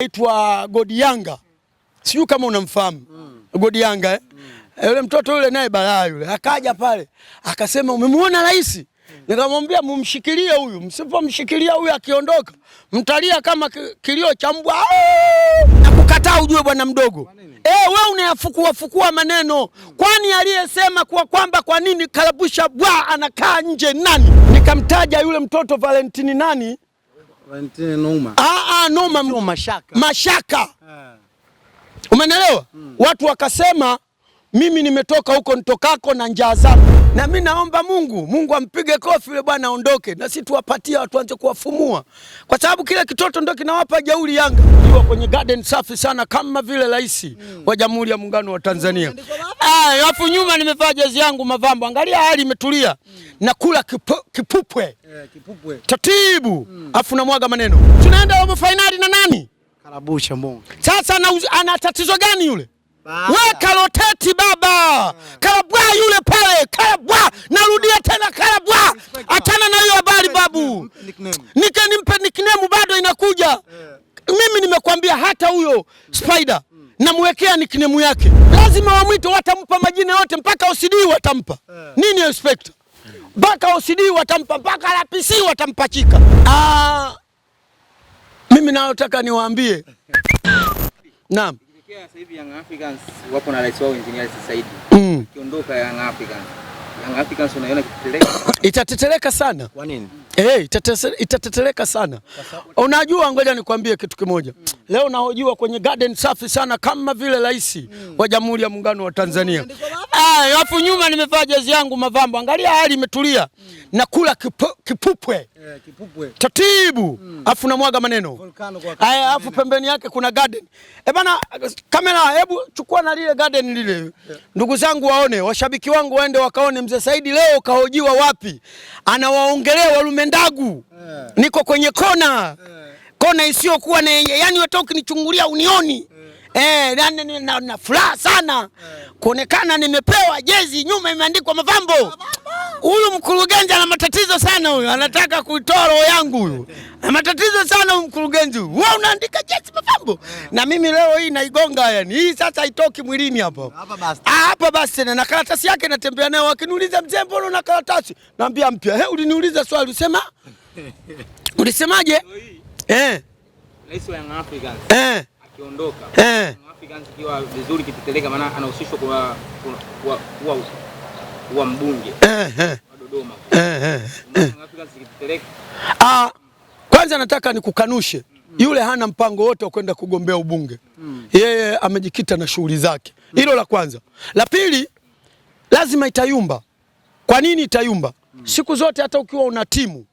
Aitwa Godi Yanga, sijui kama unamfahamu mm. Godi Yanga eh? mm. Yule mtoto yule naye balaa yule, akaja pale akasema umemuona rais mm. Nikamwambia mumshikilie huyu, msipomshikilia huyu akiondoka mtalia kama kilio cha mbwa. Na kukataa ujue bwana mdogo eh, we unayafukua fukua maneno, mm. kwani aliyesema kwa kwamba kwa nini Karabusha bwa anakaa nje nani? Nikamtaja yule mtoto Valentini nani Valentine Ah, ah, Aa, noma mashaka, mashaka. Eh. Umenelewa? Hmm. Watu wakasema mimi nimetoka huko nitokako na njaa zangu na mimi naomba Mungu, Mungu ampige kofi yule bwana aondoke, na sisi tuwapatie watu anze kuwafumua, kwa sababu kila kitoto ndio kinawapa jeuri Yanga. Tuko kwenye garden safi sana kama vile rais mm. wa Jamhuri ya Muungano wa Tanzania. Ah, alafu nyuma nimevaa jezi yangu mavambo, angalia hali imetulia mm. na kula kipu, kipupwe yeah, kipupwe tatibu mm. afu na mwaga maneno, tunaenda robo finali na nani? Karabusha mbongo. Sasa ana tatizo gani yule? We kaloteti baba Karabwa yule pale karabwa, narudia tena karabwa, achana na hiyo habari babu, nike nimpe nickname bado inakuja eh. Mimi nimekwambia hata huyo Spider mm. namwekea nickname yake, lazima wamwite, watampa majina yote mpaka OCD watampa eh. nini inspector mpaka OCD watampa mpaka RPC watampachika. Aa, ah. mimi nayotaka niwaambie naam Ukiangalia sasa hivi Young Africans wapo na rais wao Engineer mm. Young Africans. Young Africans unaiona Itateteleka sana. Kwa nini? Eh, hey, itateteleka sana. Unajua, ngoja nikwambie kitu kimoja. Mm leo nahojiwa kwenye garden safi sana kama vile rais mm. wa Jamhuri ya Muungano wa Tanzania. Ah, alafu nyuma nimevaa jezi yangu mavambo, angalia hali imetulia mm. nakula kipu, kipupwe yeah, taratibu hmm. alafu mm. namwaga maneno alafu pembeni yake kuna garden. Eh bana, kamera, hebu chukua na lile garden lile yeah. Ndugu zangu waone, washabiki wangu waende wakaone mzee Saidi leo kahojiwa wapi, anawaongelea walumendagu yeah. niko kwenye kona yeah kona isiyokuwa na yenye, yani hata ukinichungulia unioni eh, eh yani na, na furaha sana eh. kuonekana nimepewa jezi nyuma imeandikwa Mavambo. Huyu mkurugenzi ana matatizo sana, huyu anataka kuitoa roho yangu, huyu eh. ana matatizo sana huyu mkurugenzi. Wewe unaandika jezi mapambo na mimi leo hii naigonga, yani hii sasa haitoki mwilini hapa ah, hapa basi na karatasi yake natembea nayo, akiniuliza mzee, mbona una karatasi? Naambia mpya. He, uliniuliza swali usema ulisemaje? eh, rais wa Young Africans eh, akiondoka eh, Young Africans ikiwa vizuri kititeleka, maana anahusishwa kwa kwa kwa kwa mbunge eh eh Dodoma eh eh, eh. Young Africans kititeleka. Ah, kwanza nataka nikukanushe mm. yule hana mpango wote wa kwenda kugombea ubunge mm. Yeye amejikita na shughuli zake, mm. hilo la kwanza. La pili, lazima itayumba. Kwa nini itayumba? mm. Siku zote hata ukiwa una timu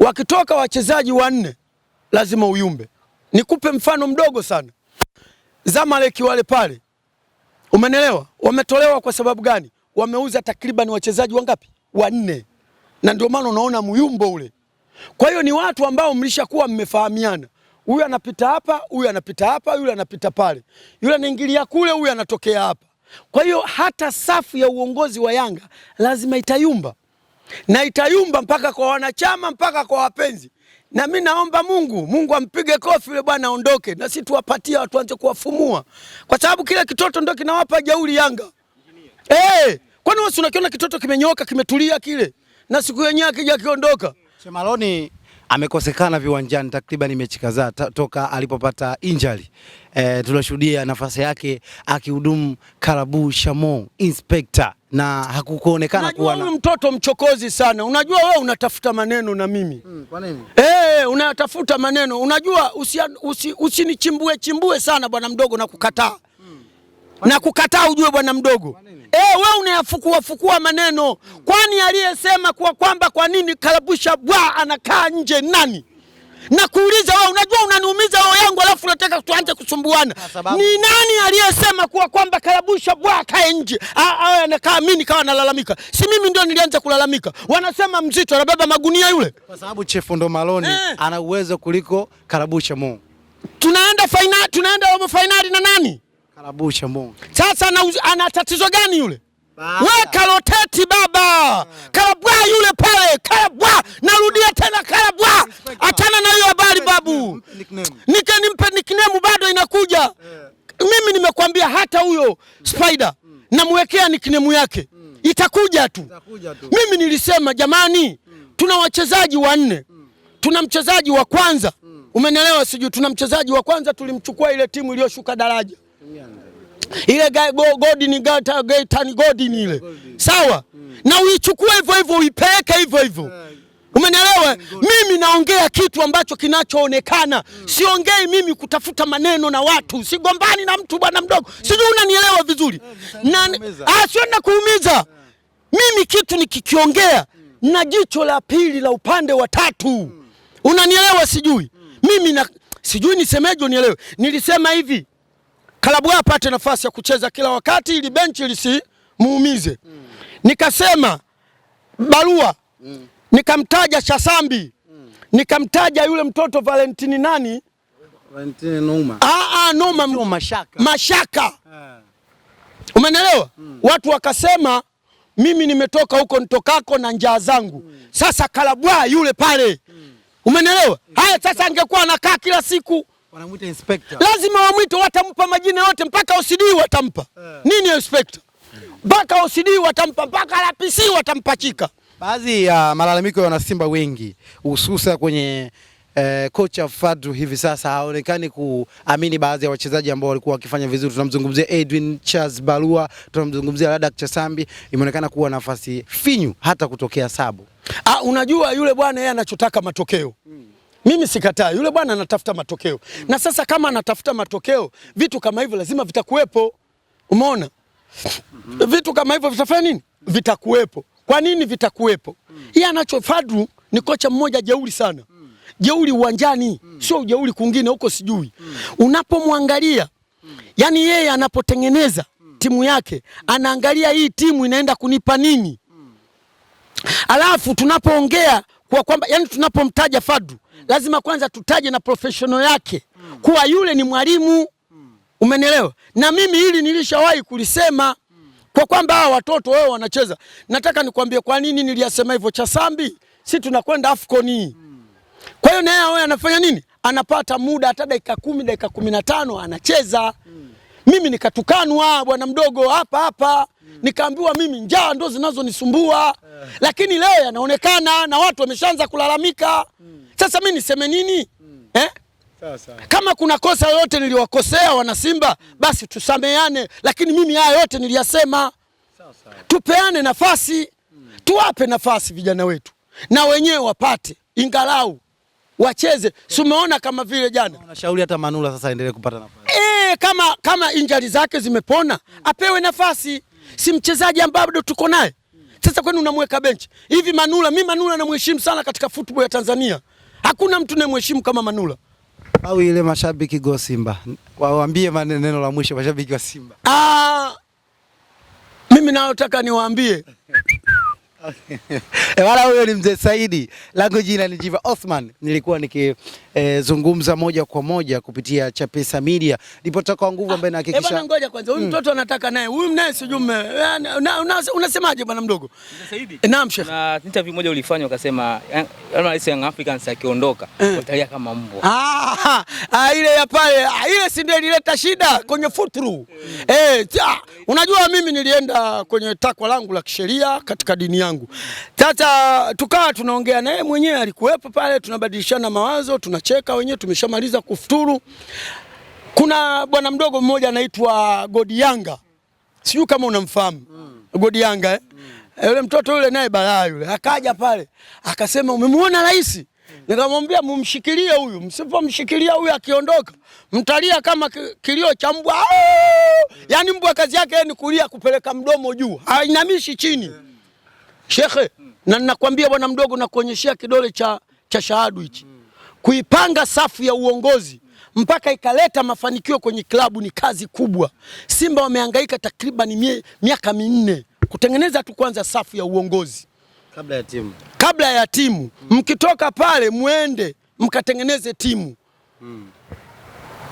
wakitoka wachezaji wanne lazima uyumbe. Nikupe mfano mdogo sana, Zamalek wale pale, umenelewa, wametolewa kwa sababu gani? Wameuza takriban wachezaji wangapi? Wanne, na ndio maana unaona muyumbo ule. Kwa hiyo ni watu ambao mlishakuwa mmefahamiana, huyu anapita hapa, huyu anapita hapa, yule anapita pale, yule anaingilia kule, huyu anatokea hapa. Kwa hiyo hata safu ya uongozi wa Yanga lazima itayumba na itayumba mpaka kwa wanachama mpaka kwa wapenzi na mi naomba Mungu, Mungu ampige kofi yule bwana aondoke, na si tuwapatia watu waanze kuwafumua, kwa sababu kile kitoto ndio kinawapa jeuri Yanga. Eh, kwani wewe unakiona kitoto kimenyooka kimetulia kile, na siku yenyewe akija kiondoka. Chemaloni amekosekana viwanjani takriban mechi kadhaa toka alipopata injury. E, tunashuhudia nafasi yake akihudumu karabu shamo inspector na hakukuonekana kuwa na mtoto mchokozi sana. Unajua wewe unatafuta maneno na mimi mm, kwa nini? Eh, unatafuta maneno. Unajua usinichimbue usi chimbue sana bwana mdogo na kukataa mm. na kukataa, ujue bwana mdogo eh, wewe unayafukua fukua maneno mm. kwani aliyesema kuwa kwamba kwa nini Kalabusha bwa anakaa nje nani? na kuuliza wewe, unajua unaniumiza roho yangu, alafu unataka tuanze kusumbuana. Ni nani aliyesema kuwa kwamba Karabusha bwaka nje nje anakaa? Mimi nikawa nalalamika, si mimi ndio nilianza kulalamika. Wanasema Mzito anabeba magunia yule, kwa sababu chefu ndo Maloni eh, ana uwezo kuliko Karabusha mo. Tunaenda fainali, tunaenda robo fainali na nani? Karabusha mo. Sasa ana, ana tatizo gani yule? We karoteti baba, eh. Karabwa yule pale, Karabwa, narudia tena Karabwa. Spider mm. namwekea nickname yake mm. itakuja tu. itakuja tu. Mimi nilisema jamani mm. tuna wachezaji wanne mm. tuna mchezaji wa kwanza mm. umenelewa, sijui, tuna mchezaji wa kwanza tulimchukua ile timu iliyoshuka daraja yeah. Ile Godin Gata Gaitan Godini ile sawa mm. na uichukue hivyo hivyo uipeleke hivyo hivyo yeah. Umenielewa? Mimi naongea kitu ambacho kinachoonekana, Mm. siongei mimi kutafuta maneno na watu, mm. sigombani na mtu bwana mdogo, Mm. sijui unanielewa vizuri eh, na sienda kuumiza. Ah, eh. Mimi kitu nikikiongea mm. na jicho la pili la upande wa tatu, Mm. unanielewa? Sijui Mm. mimi na sijui nisemeje, unielewe. Nilisema hivi klabu apate nafasi ya kucheza kila wakati, ili benchi lisimuumize. Mm. Nikasema barua Mm nikamtaja Shasambi nikamtaja yule mtoto Valentini nani Valentini Noma. Aa, ah, ah, Noma. Mashaka, Mashaka. Eh. Umenelewa mm. watu wakasema mimi nimetoka huko nitokako na njaa zangu mm. Sasa Kalabwa yule pale mm. Umenelewa mm. Haya, sasa angekuwa anakaa kila siku wanamuita inspector, lazima wamwite, watampa majina yote mpaka OCD watampa yeah. Nini inspector mpaka OCD watampa mpaka RPC watampachika Baadhi ya malalamiko ya wanasimba wengi hususa kwenye eh, kocha Fadru hivi sasa haonekani kuamini baadhi ya wachezaji ambao walikuwa wakifanya vizuri. Tunamzungumzia Edwin Charles Barua, tunamzungumzia Ladak Chasambi, imeonekana kuwa nafasi finyu hata kutokea sabu. Ah, unajua yule bwana yeye anachotaka matokeo hmm. Mimi sikataa yule bwana anatafuta matokeo hmm. Na sasa kama anatafuta matokeo, vitu kama hivyo lazima vitakuwepo. Umeona -hmm. Vitu kama hivyo vitafanya nini? Vitakuwepo. Kwa nini vitakuwepo? Hmm. Yeye mm. anacho Fadru ni kocha mmoja jeuri sana mm. jeuri uwanjani mm. sio ujeuri kungine huko sijui mm. unapomwangalia mm. yani yeye anapotengeneza mm. timu yake anaangalia hii timu inaenda kunipa nini mm. alafu tunapoongea kwa kwamba yani tunapomtaja Fadru mm. lazima kwanza tutaje na professional yake mm. kuwa yule ni mwalimu mm. umenelewa na mimi hili nilishawahi kulisema kwa kwamba hawa watoto wao wanacheza. Nataka nikwambie kwa nini niliyasema hivyo. Cha sambi si tunakwenda Afcon. Kwa hiyo naye wewe anafanya nini? Anapata muda hata dakika kumi, dakika kumi na tano anacheza. Mimi nikatukanwa bwana mdogo hapa hapa, nikaambiwa mimi njaa ndo zinazonisumbua, lakini leo yanaonekana na watu wameshaanza kulalamika. Sasa mimi niseme nini eh? Kama kuna kosa yoyote niliwakosea wanasimba, basi tusameane, lakini mimi haya yote niliyasema. Tupeane nafasi, tuwape nafasi vijana wetu na wenyewe wapate ingalau wacheze. Si umeona kama vile jana unashauri hata Manula sasa endelee kupata nafasi e, kama kama injali zake zimepona apewe nafasi, si mchezaji ambaye bado tuko naye sasa. Kwani unamweka benchi hivi Manula? Mi Manula namheshimu sana katika football ya Tanzania, hakuna mtu namheshimu kama Manula au ile mashabiki go Simba waambie maneno la mwisho mashabiki wa Simba. Ah, mimi nayotaka niwaambie Okay. Eh, wala huyo ni mzee Saidi, langu jina ni Jiva Othman. Nilikuwa nikizungumza e, moja kwa moja kupitia Chapesa Media kwa nguvu ambaye ah, eh, nahakikisha. Bwana ngoja kwanza, huyu mm. mtoto mm. anataka naye huyu mnaye sijui unasemaje bwana mdogo? Mzee Saidi. Eh, naam Sheikh. Na interview moja ulifanya ukasema rais Young Africans akiondoka utalia kama mbwa. Ah, ah ile ya pale ah, ile si ndio ilileta shida kwenye mm. Eh, Unajua, mimi nilienda kwenye takwa langu la kisheria katika dini yangu. Sasa tukawa tunaongea naye, mwenyewe alikuwepo pale, tunabadilishana mawazo, tunacheka wenyewe, tumeshamaliza kufuturu. Kuna bwana mdogo mmoja anaitwa Godi Yanga, sijui kama unamfahamu mm. Godi Yanga eh? Mm. eh? Yule mtoto yule naye balaa yule, akaja pale akasema, umemwona rais? Nikamwambia mumshikilie huyu, msipomshikilia huyu akiondoka mtalia kama kilio cha mbwa. Yaani mbwa kazi yake ni kulia kupeleka mdomo juu, hainamishi chini. Shekhe, na ninakwambia bwana mdogo, nakuonyeshea kidole cha, cha shahadu hichi. Kuipanga safu ya uongozi mpaka ikaleta mafanikio kwenye klabu ni kazi kubwa. Simba wamehangaika takriban miaka minne kutengeneza tu kwanza safu ya uongozi kabla ya timu, kabla ya timu mm. Mkitoka pale mwende mkatengeneze timu mm.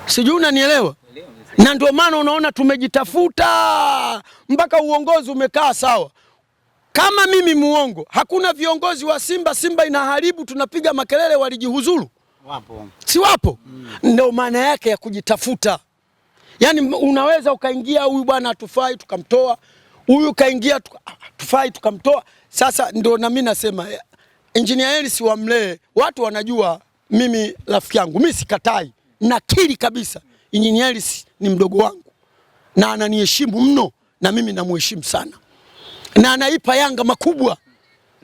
Sijui unanielewa na ndio maana unaona tumejitafuta mpaka uongozi umekaa sawa. Kama mimi muongo, hakuna viongozi wa Simba. Simba inaharibu, tunapiga makelele, walijihuzuru wapo, si wapo? mm. Ndio maana yake ya kujitafuta. Yaani unaweza ukaingia, huyu bwana hatufai, tukamtoa. Huyu kaingia, ah, hatufai, tukamtoa. Sasa ndo na mimi nasema Engineer Hersi wa Mlee, watu wanajua mimi rafiki yangu, mimi sikatai, nakiri kabisa Engineer Hersi ni mdogo wangu na ananiheshimu mno na mimi namheshimu sana na anaipa Yanga makubwa.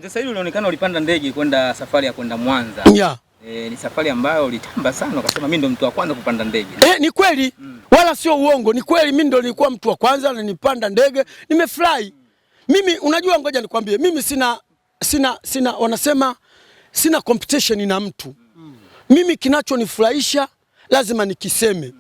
Sasa hivi unaonekana ulipanda ndege kwenda safari ya kwenda Mwanza. Yeah. E, ni safari ambayo ulitamba sana ukasema mimi ndo mtu wa kwanza kupanda ndege. Eh, ni kweli mm. Wala sio uongo, ni kweli mimi ndo nilikuwa mtu wa kwanza na nipanda ndege, nimefurahi mm. Mimi unajua, ngoja nikwambie, mimi sina sina sina wanasema sina competition na mtu. Mimi kinachonifurahisha lazima nikiseme,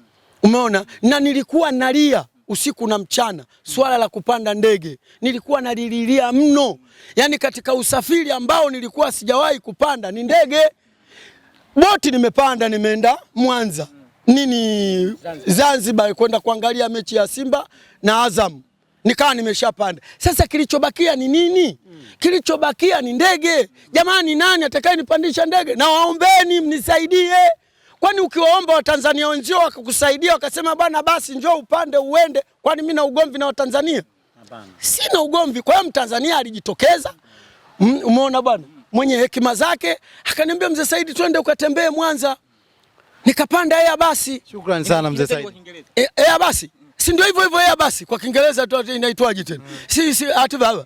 umeona. Na nilikuwa nalia usiku na mchana, swala la kupanda ndege nilikuwa nalililia mno, yaani katika usafiri ambao nilikuwa sijawahi kupanda ni ndege. Boti nimepanda, nimeenda Mwanza nini Zanzibar kwenda kuangalia mechi ya Simba na Azam nikawa nimeshapanda. Sasa kilichobakia ni nini? Hmm. Kilichobakia ni ndege. Jamani, nani atakaye nipandisha ndege? Na waombeni mnisaidie, kwani ukiwaomba Watanzania wenzio wakakusaidia wakasema bana, basi njoo upande uende, kwani mimi na ugomvi na Watanzania? Hapana, sina ugomvi. Kwa hiyo Mtanzania alijitokeza, umeona bwana mwenye hekima zake akaniambia, mzee Saidi, twende ukatembee Mwanza. Nikapanda ea basi. Shukrani sana mzee Saidi, ea basi si ndio hivyo hivyo ya basi kwa Kiingereza tu inaitwaje tena? Mm. Si si ati baba.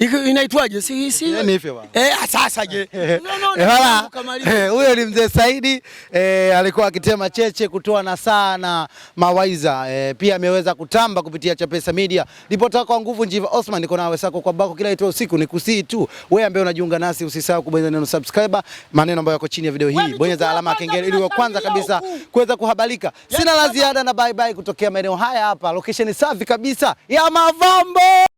Mm. Inaitwaje? Si si. Yaani hivyo baba. Eh, sasa je. Eh, eh. No no. Eh, huyo ni mzee Saidi eh, alikuwa akitema cheche kutoa na saa na mawaiza eh, pia ameweza kutamba kupitia Chapesa Media. Ripota kwa nguvu Njiva Osman niko nawe sako kwa bako kila itwa usiku nikusii tu. Wewe ambaye unajiunga nasi usisahau kubonyeza neno subscriber, maneno ambayo yako chini ya video hii. Bonyeza alama ya kengele ili uwe kwanza kabisa kuweza kuhabarika. Sina la yaani ziada na bye bye kutokea maeneo haya hapa, location safi kabisa ya Mavambo.